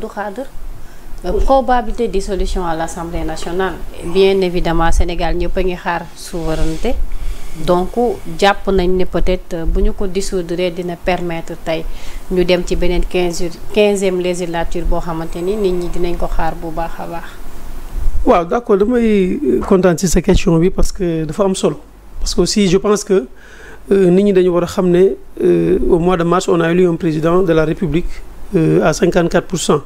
Abdou Khader euh, probabilité dissolution à l'Assemblée nationale bien évidemment Sénégal ñëpp a ngi xaar souveraineté donc jàpp nañ ne peut-être euh, bu ñu ko dissoudre dina permettre tey ñu dem ci beneen quinze quinzième législature boo xamante ni nit ñi dinañ ko xaar bu baax a baax waaw d'accord damay euh, kontaan ci sa question bi parce que dafa am solo parce que aussi je pense que nit ñi dañu war a xam ne au mois de mars on a élu un président de la République Euh, à 54 pour cent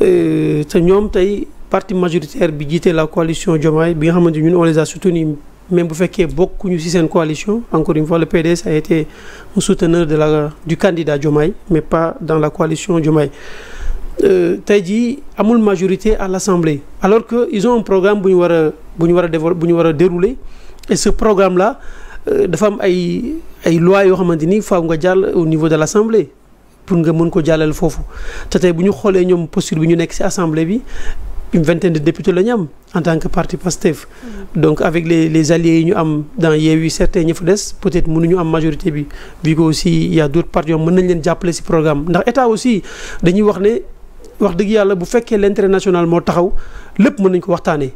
euh, te ñoom tey parti majoritaire bi jiitee la coalition Diomaye bi nga xamante ñun on les a soutenus même bu fekkee bokkuñu ci seen coalition encore une fois le PDS a été un souteneur de la du candidat Diomaye mais pas dans la coalition Diomaye euh, tey ji amul majorité à l'Assemblée alors que ils ont un programme bu ñu war a bu ñu war a développer bu ñu war a dérouler et ce programme la dafa am ay ay lois yoo xamante ni faaw nga jàll au niveau de l'Assemblée pour nga mën ko jàllale foofu te tey bu ñu xoolee ñoom posture bi ñu nekk ci assemblée bi une vingtaine de députés la ñu am en tant que parti Pastef mm. donc avec les les alliés yi ñu am dans Yewwi certains ñi fa des peut-être mun mënuñu am majorité bi vu que aussi il y a d'autres partis yoo mën nañ leen jàppale si programme ndax état aussi dañuy wax ne wax dëgg yàlla bu fekkee l'intérêt national moo taxaw lépp mën nañ ko waxtaanee.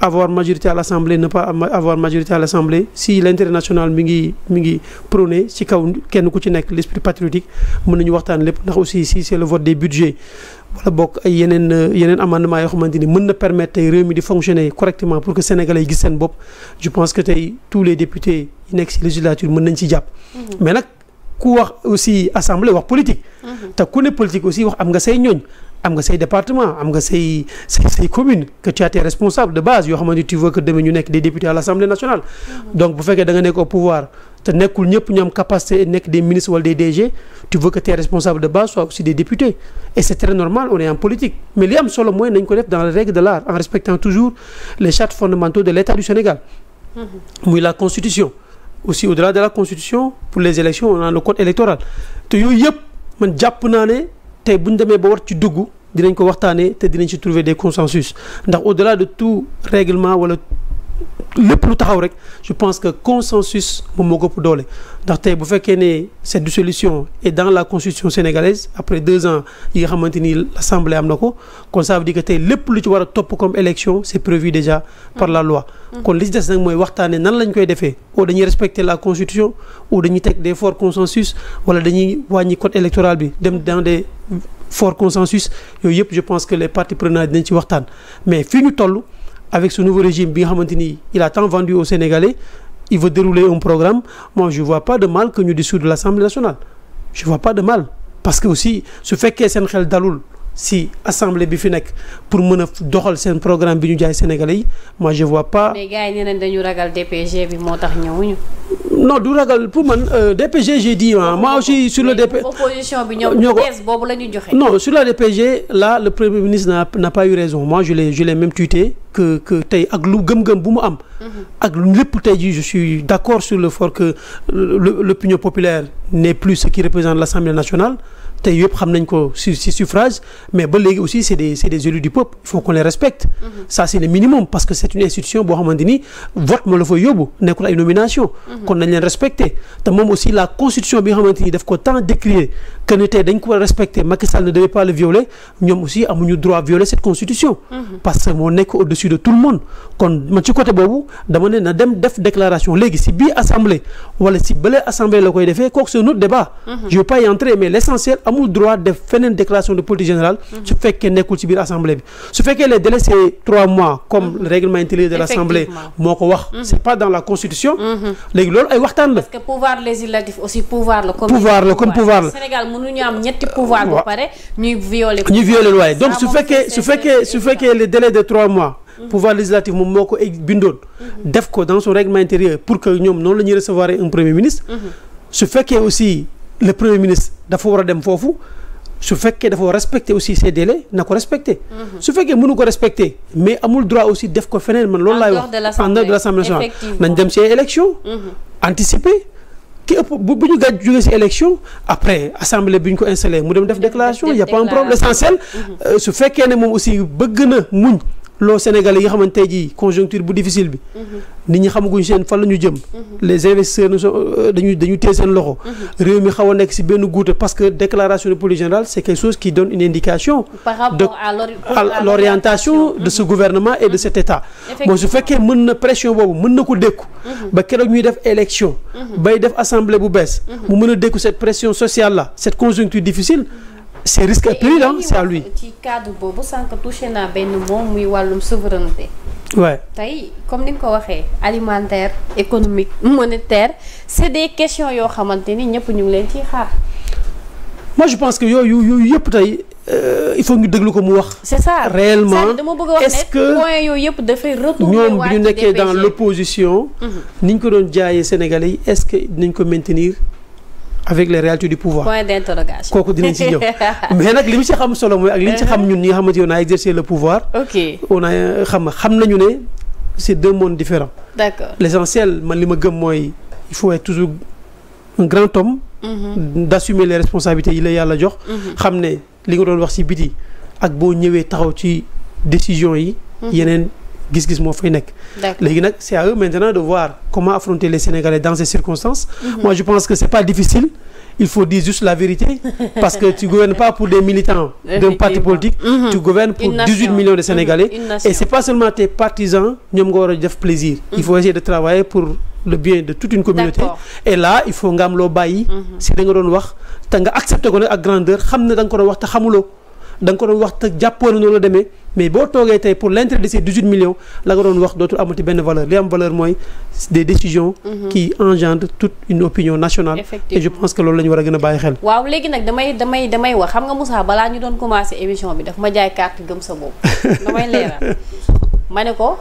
avoir majorité à l'Assemblée ne pas avoir majorité à l'Assemblée si l'international mi ngi mi ngi prôné ci kaw kenn ku ci nekk l'esprit patriotique mën nañu waxtaan lépp ndax aussi si c'est le vote des budgets wala bokk yeneen amendement yoo xamante ni mën na permettre tey réew mi di fonctionner correctement pour que sénégalais yi gis seen bopp je pense que tey tous les députés yi nekk ci législature mën nañ ci jàpp mhm. mais nag ku wax aussi assemblée wax politique mhm. te ku ne politique aussi wax am nga say ñooñ am nga say département am nga say say say commune que tu as tes responsables de base yoo xamante ni tu veux que demain ñu nekk des députés à l'Assemblée nationale mmh. donc bu fekkee da nekk au pouvoir te nekkul ñëpp ñu am capacité nekk des ministres wala des DG tu veux que tes responsables de base soient aussi députés et c'est très normal on est en politique mais li am solo mooy ko def dans les règles de l'art en respectant toujours les chartes fondamentaux de l'État du Sénégal mmh. a le code électoral te yooyu yëpp man tey bu ñu demee ba war ci dugg dinañ ko waxtaanee te dinañ ci trouver des consensus ndax au-delà de tout règlement wala lépp lu taxaw rek je pense que consensus moom moo gëpp doole ndax tey bu fekkee ne cette dissolution et dans la constitution sénégalaise après deux ans yi nga xamante ni l'assemblée am na ko kon ça veut dire tey lépp lu ci war a topp comme élection c'est prévu déjà par la loi kon li des nag mooy waxtaane nan lañ koy defee ou dañuy respecter la constitution ou dañuy teg des forts consensus wala dañuy wàññi code électoral bi dem dans des forts yooyu yëpp je pense que les parties prenantes dinañ ci waxtaan mais fii ñu toll avec ce nouveau régime bi nga xamante ni il a tant vendu aux Sénégalais il veut dérouler un programme moi je vois pas de mal que ñu dissoudre l'Assemblée nationale je vois pas de mal parce que aussi su fekkee seen xel dalul si assemblée bi fi nekk pour mën a doxal seen programme bi ñu jaay sénégal yi moi je vois pas. mais dañu ragal DPG bi moo tax ñëwuñu. no du ragal pour man euh, DPG j'ai dit moi aussi sur le DPG. opposition bi ñoom thèse boobu la ñu joxe. non sur la DPG là le premier ministre n'a n'a pas eu raison moi je l'ai je l'ai même tweeté que que tey ak lu gëm-gëm bu mu am. Mm-hmm. ak lépp tey jii je suis d'accord sur le fait que l'opinion populaire n'est plus ce qui représente l'Assemblée nationale te yëpp xam nañ ko ci suffrage mais ba léegi aussi c'est des élus du peuple il faut qu'on les respecte mm-hmm. ça c'est le minimum parce que c'est une institution boo xamante ni vote moo la fa yóbbu nekkul ay nomination mm-hmm. kon nañ leen respecter te aussi la constitution bi nga xamante ko tant décrier que ne tey dañ ko a respecter Macky Sall ne devait pas le violer ñoom dama ne na dem def déclaration léegi si bii assemblée wala si bële assemblée la koy defee kooku c'est un autre débat mhm. je veux pas y entrer mais l'essentiel amul droit def feneen déclaration de politique générale mhm. su fekkee nekkul si biir assemblée bi su fekkee les délais c'est trois mois comme mhm. règlement intérieur de l'assemblée moo ko wax c'est pas dans la constitution léegi loolu ay waxtaan la parce pouvoir législatif aussi pouvoir la comme pouvoir la comme pouvoir su fekkee su fekkee su fekkee les de trois mois pouvoir législatif moom moo ko e bindoon. def ko dans son règlement intérieur pour que ñoom noonu la ñuy recevoir un premier ministre. Mhm. su fekkee aussi le premier ministre dafa war a dem foofu. su fekkee dafa respecter aussi ces le na ko respecter. Mhm. su fekkee mënu ko respecter mais amul droit aussi def ko feneen man loolu laay wax en dehors de l'Assemblée nationale nañ dem ci élection mhm. anticiper ki ëpp bu ñu gàj jógee ci élection après assemblée bi ñu ko installé mu dem def déclaration y a pas un problème euh, su fekkee ne moom aussi bëgg na muñ loo Sénégalais yi nga xamante tey jii conjoncture bu difficile bi. Mhm. nit ñi xamaguñ seen fan la ñu jëm. Mhm. les investisseurs ne sont euh, dañuy dañuy téye seen loxo. Mhm. réew mi xaw a nekk si benn guute parce que déclaration de politique générale c' est quelque chose qui donne une indication. par rapport orientation de ce gouvernement et de cet état. bon su fekkee mën na pression boobu mën na ko dékku. ba keroog ñuy def élection. bay def assemblée bu bees. mu mën a dékku cette pression sociale là cette conjoncture difficile. c'est risque et péril ah ci cadre boobu sànq touché naa benn moom muy wàllum souveraineté. waaw tey comme ni nga ko waxee alimentaire économique monétaire c'est des questions yoo xamante ni ñëpp ñu ngi leen ci xaar. moi je pense que yooyu yooyu yëpp tey euh, il faut ñu déglu ko mu wax. c'est ça réellement dama bëgg wax est-ce yooyu yëpp dafay retourner ñoom bi ñu nekkee mhm. ni ñu ko doon jaayee Sénégalais yi est-ce que dinañ ko maintenir. avec les réalités du pouvoir point d'interrogation kooku dinañ ci ñëw mais nag li mu ci xam solo mooy ak li ñu ci xam ñun ñi nga xamante ne on a exercé le pouvoir. ok on a xam xam nañu ne c'est deux mondes différents. d'accord l'essentiel man li ma gëm mooy il faut être toujours un grand homme. Mhm. d'assumer les responsabilités yi la yàlla jox. Mhm. xam ne li nga doon wax si biti ak boo ñëwee taxaw ci décision yi. Mhm. gis-gis moo fay nekk léegi nag c'est à eux maintenant de voir comment affronter les Sénégalais dans ces circonstances mhm. je pense que c'est pas difficile il faut dire juste la vérité parce que tu gouvernes pas pour des militants d'un parti politique mhm. tu gouvernes pour 18 millions de mhm. Sénégalais et c'est pas seulement tes partisans ñoom nga war def plaisir il faut essayer de travailler pour le bien de toute une communauté et là il faut nga am da da ko doon wax te jàppoon noonu la demee mais boo toogee tey pour l'intérêt de ces 18 millions la nga doon wax dootul amati benn valeur li am valeur mooy des décisions mhm. qui engendrent toute une opinion nationale et je pense que loolu la ñu war a gën a bàyyi xel waaw léegi nag damay damay damay wax xam nga Moussa balaa ñu doon commencer émission bi daf ma jaay carte gëm sa bopp ma ne ko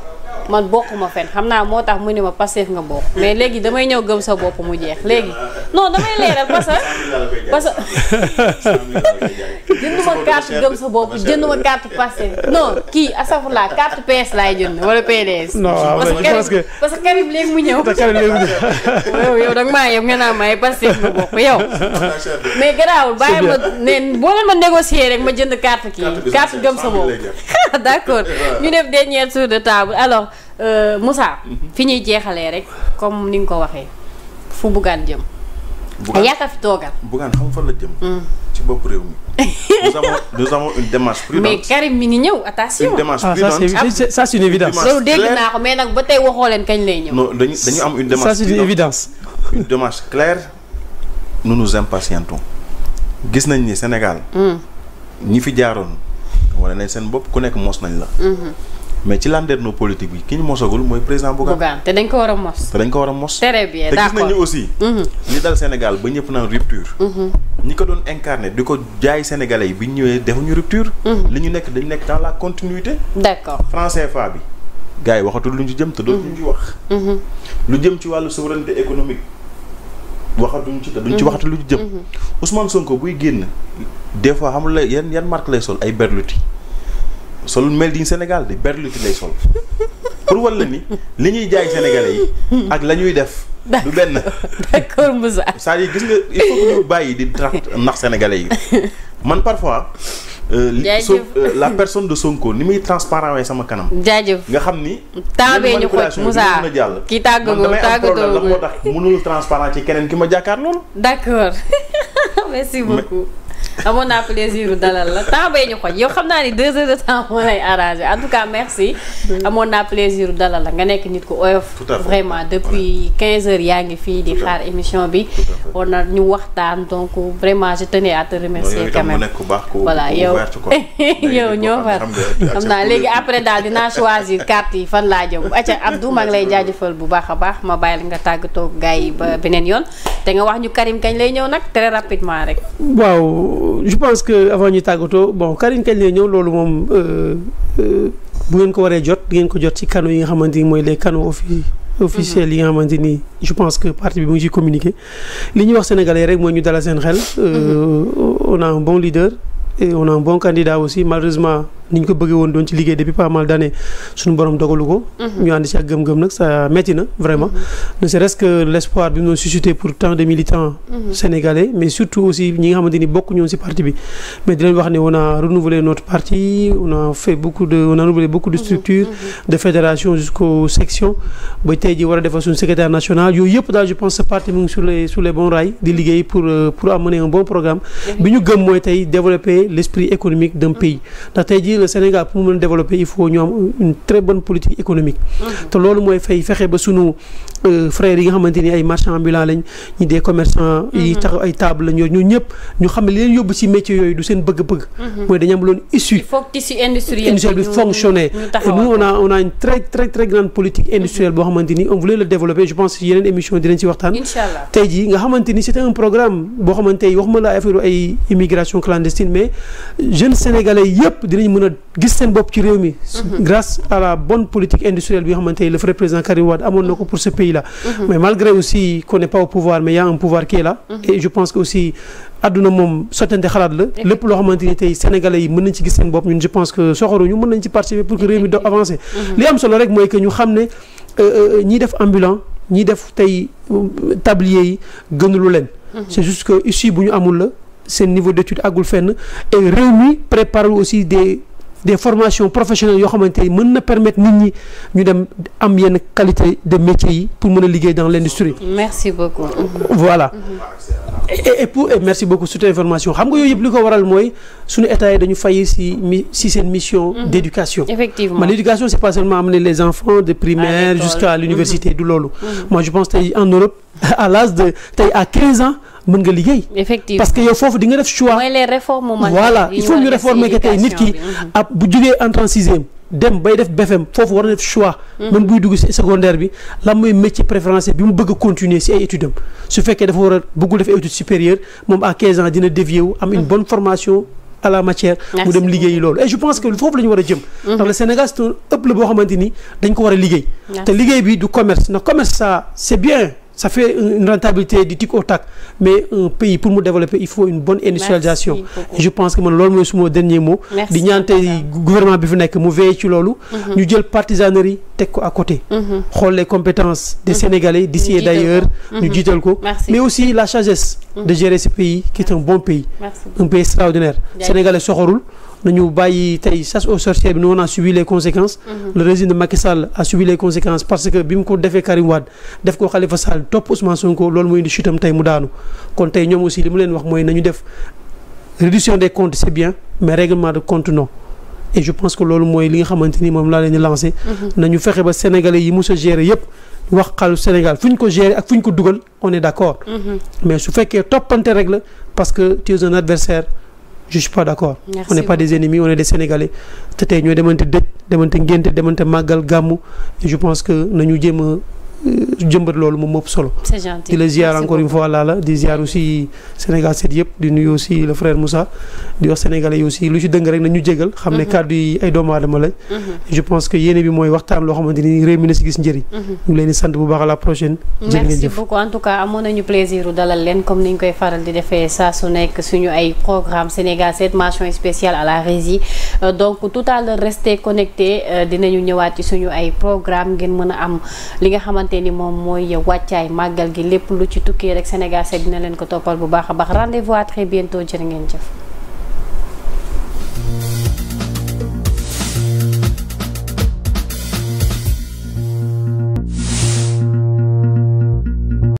man bokkuma fen xam naa moo tax mu ne ma Pastef nga bokk mais léegi damay ñëw gëm sa bopp mu jeex léegi non damay leeral parce que parce que jënduma carte gëm sa bopp jënduma carte Pastef non kii asafurlaa carte PS laay jënd wala PDS. non parce que parce que Karim léegi mu ñëw. yow yow da nga maa yem nga naa may Pastef nga bokk yow. mais garaawul bàyyi ma ne boo leen ma négocier rek ma jënd carte kii carte gëm sa bopp. accord d' accord ñu def dernier tour de table alors euh, mhm. fi ñuy jeexalee rek comme ni nga ko waxee fu Bougane jëm. Bougane yaa fi toogal. Bougane xam fan la jëm. Mm. ci bopp réew mi. nous avons nous avons une démarche prudente. mais Karim mi ngi ñëw attention. une démarche prudente ah ça c' est ça c' est une évidence. loolu dégg naa ko mais nag ba tey waxoo leen kañ lay ñëw. non dañu dañu am une démarche. ça c' est une évidence. une démarche claire. nous nous impatientons. gis nañ ni Sénégal. Mm. ñi fi jaaroon. wane nañ seen bopp ku nekk mos nañ la. Mhm. mais ci landerneau politique bi ki ñu mosagul mooy président Bougane. te dañ ko war a mos. te dañ ko war a mos. très bien d' accord te gis nañu aussi. li mhm. dal Sénégal ba ñëpp naan rupture. Mhm. ñi ko doon incarné di ko jaay sénégalais yi bi ñu ñëwee defuñu rupture. li ñu nekk dañu nekk dans la continuité. d' accord franc bi. gars yi waxatul lu ñu jëm te dootuñu ci wax. lu jëm ci wàllu souveraineté économique waxatuñ ci te duñ ci waxatul lu ñu jëm. Ousmane Sonko buy génn des fois xam la yan yan marque lay sol ay berluti. solul Made in Sénégal de berluti lay sol pour walla ni li ñuy jaay sénégalais yi ak la ñuy def. du benn d'accord Moussa. cest gis nga il faut que bàyyi di tract ndax sénégalais yi man parfois. Euh, jaajëf euh, la personne de Sonko ni muy transparent waaye sama kanam. jaajëf nga xam ni. temps bee ñu xooj Moussa ki tàggatoo tàggatoo man damay am problème la moo tax mënul transparent ci keneen ki ma jàkkaar loolu. d'accord merci beaucoup. amoon naa plaisir dalal la temps bee ñu xoj yow xam naa ni deux heures de temps moo lay arrangé en tout cas merci. amoon naa plaisir dalal la nga nekk nit ku oyof. vraiment depuis 15 heures yaa ngi fii di xaar émission bi. war na ñu waxtaan donc vraiment je tenais à te remercier quand même. voilà yow yow ñoo far xam naa léegi après daal dinaa choisir carte yi fan laa jëm acca Abdou maa ngi lay jaajëfal bu baax a baax ma bàyyi la nga tàggatoo gars yi ba beneen yoon te nga wax ñu Karim kañ lay ñëw nag très rapidement rek bon je pense que avant ñu tàggatoo bon Karim kañ lay ñëw loolu moom euh, euh, bu ngeen ko waree jot di ngeen ko jot ci canaux yi nga xamante ni mooy les canaux offi mhm. officiels yi nga xamante ni je pense que parti bi mu ngi ciy communiqué li ñuy wax sénégalais rek mooy ñu dalal seen xel euh, mhm. on a un bon leader on a un bon candidat aussi malheureusement ni ñu ko bëggee woon doon ci liggéey depuis pas mal d'années suñu borom dogalu ko. Mhm. ñu ànd ci ak gëm-gëm nag ça métti na vraiment. Mhm. ne serait-ce que l'espoir bi mu doon suscité pour tant de militants. Mhm. sénégalais mais surtout aussi ñi nga xamante ni bokk ñoon ci parti bi. mais di wax ne on a renouvelé notre parti on a fait beaucoup de on de structures. de fédérations ba tey ji war a defar suñu secrétaire national yooyu yëpp daal je pense ce le Sénégal pour mu mën développer il faut ñu am une très bonne politique économique. Mmh. Euh, mmh. ñu xam ne li leen du seen bëgg-bëgg. Mmh. mooy dañu am loolu issue. industriel a on a une très très très grande boo xamante ni on voulait le développer je pense yeneen émission dinañ ci waxtaan. tey jii nga xamante ni c'était un programme boo xamante waxuma la affaire ay immigration clandestine mais jeunes sénégalais yëpp dinañ mën a gis seen bopp ci réew mi. Mhm. grâce à la bonne politique industrielle bi nga xamante ne le président Karim amoon na ko pour ce pays là. Mhm. mais malgré aussi qu'on pas au pouvoir mais y a pouvoir qui est mhm. et je que aussi ñu xam ne euh, euh, ñiy def ambulant ñiy def euh, tablier yi gënulu leen. c'est juste que issue bu ñu amul la. seen niveau d'étude agul fenn et réew mi prépare aussi des des formations professionnelles yoo xamante ni mën na permettre nit ñi ñu dem am yenn qualité de métier yi pour mën a liggéey dans l' industrie. merci beaucoup. voilà. Mm-hmm. et et pour et merci beaucoup sur cette information xam nga yooy yëpp li ko waral mooy suñu état yi dañu fay si mi si seen mission. Mm-hmm. d' éducation effectivement man pas seulement amener les enfants de primaire. jusqu'à l'université mm-hmm. du loolu. moi je pense tey en Europe à l'âge de tey à 15 ans. mën nga liggéey. effectivement parce que yow foofu di nga def choix. mooy les réformes voilà il nit ki jugee entrant sixième dem bay def BFM foofu war na def choix. Mm-hmm. même buy dugg si secondaire bi lan mooy métier préférencé bi mu bëgg continuer si ay études am su fekkee dafa war a bëggul def études supérieures moom à 15 ans dina dévier wu am une mm-hmm. bonne formation. à la matière mu dem liggéeyi loolu et je pense que foofu la ñu war a jëm mm-hmm. ndax le Sénégal c'est un ëpp la boo xamante ni dañ ko war a liggéey te liggéey bi du commerce na commerce ça c'est bien ça fait une rentabilité di tic au mais un pays pour mu développer il faut une bonne industrialisation je pense que man loolu mooy suma dernier mot di ñaan tey gouvernement bi fu nekk mu veille ci loolu mhm. ñu jël partisanerie teg ko à côté mhm. xool les compétences des di mhm. d'ici et d'ailleurs ñu jiital ko mais aussi la sagesse de gérer ce pays qui est un bon pays un pays extraordinaire Sénégalais soxorul nañu bàyyi tey chasse aux sorcières bi nous subi les conséquences. Mhm. le régime de Macky Sall a subi les conséquences parce que bi mu ko defee Karim Wade def ko Khalifa Sall topp Ousmane Sonko loolu mooy indi chute tey mu daanu kon tey ñoom aussi li mu leen wax mooy nañu def réduction des comptes c'est bien mais règlement de compte non. et je pense que loolu mooy li nga xamante ni moom laa leen di mhm. nañu fexe ba sénégalais yi mos a gérer wax xalu Sénégal ko gérer ak fu ko dugal on est d'accord. Mhm. mais su fekkee toppante rek la parce que tu es un je pas d' accord. pas des ennemis on des sénégalais te tey demante dëj demante ngénte demante màggal gàmmu je pense que nañu jéem jëmbat loolu moom ëpp solo. c'est gentil di la ziar encore une fois aussi Sénégal set yëpp di nuyu aussi le frère Moussa di wax sénégalais yi aussi lu ci dëng rek nañu jégal. Mhm. xam ne kàddu yi ay doomu aadama lañ. Mhm. je pense que yéene bi mooy waxtaan loo xamante ni réew mi na si gis njëriñ. Mhm. ñu ngi leen di sant bu baax à la prochaine. jërë ngeen jëf merci beaucoup en tout cas amoon nañu plaisir dalal leen comme ni ñu koy faral di defee saa su nekk suñu ay programme Sénégal set mention spécial à la régie Euh, donc tout à l'heure restez connecté euh, dinañu ñëwaat ci suñu ay programme ngeen mën a am li nga xamante ni moom mooy wàccaay màggal gi lépp lu ci tukkee rek Sénégal set dina leen ko toppal bu baax a baax rendez-vous à très bientôt jërë ngeen jëf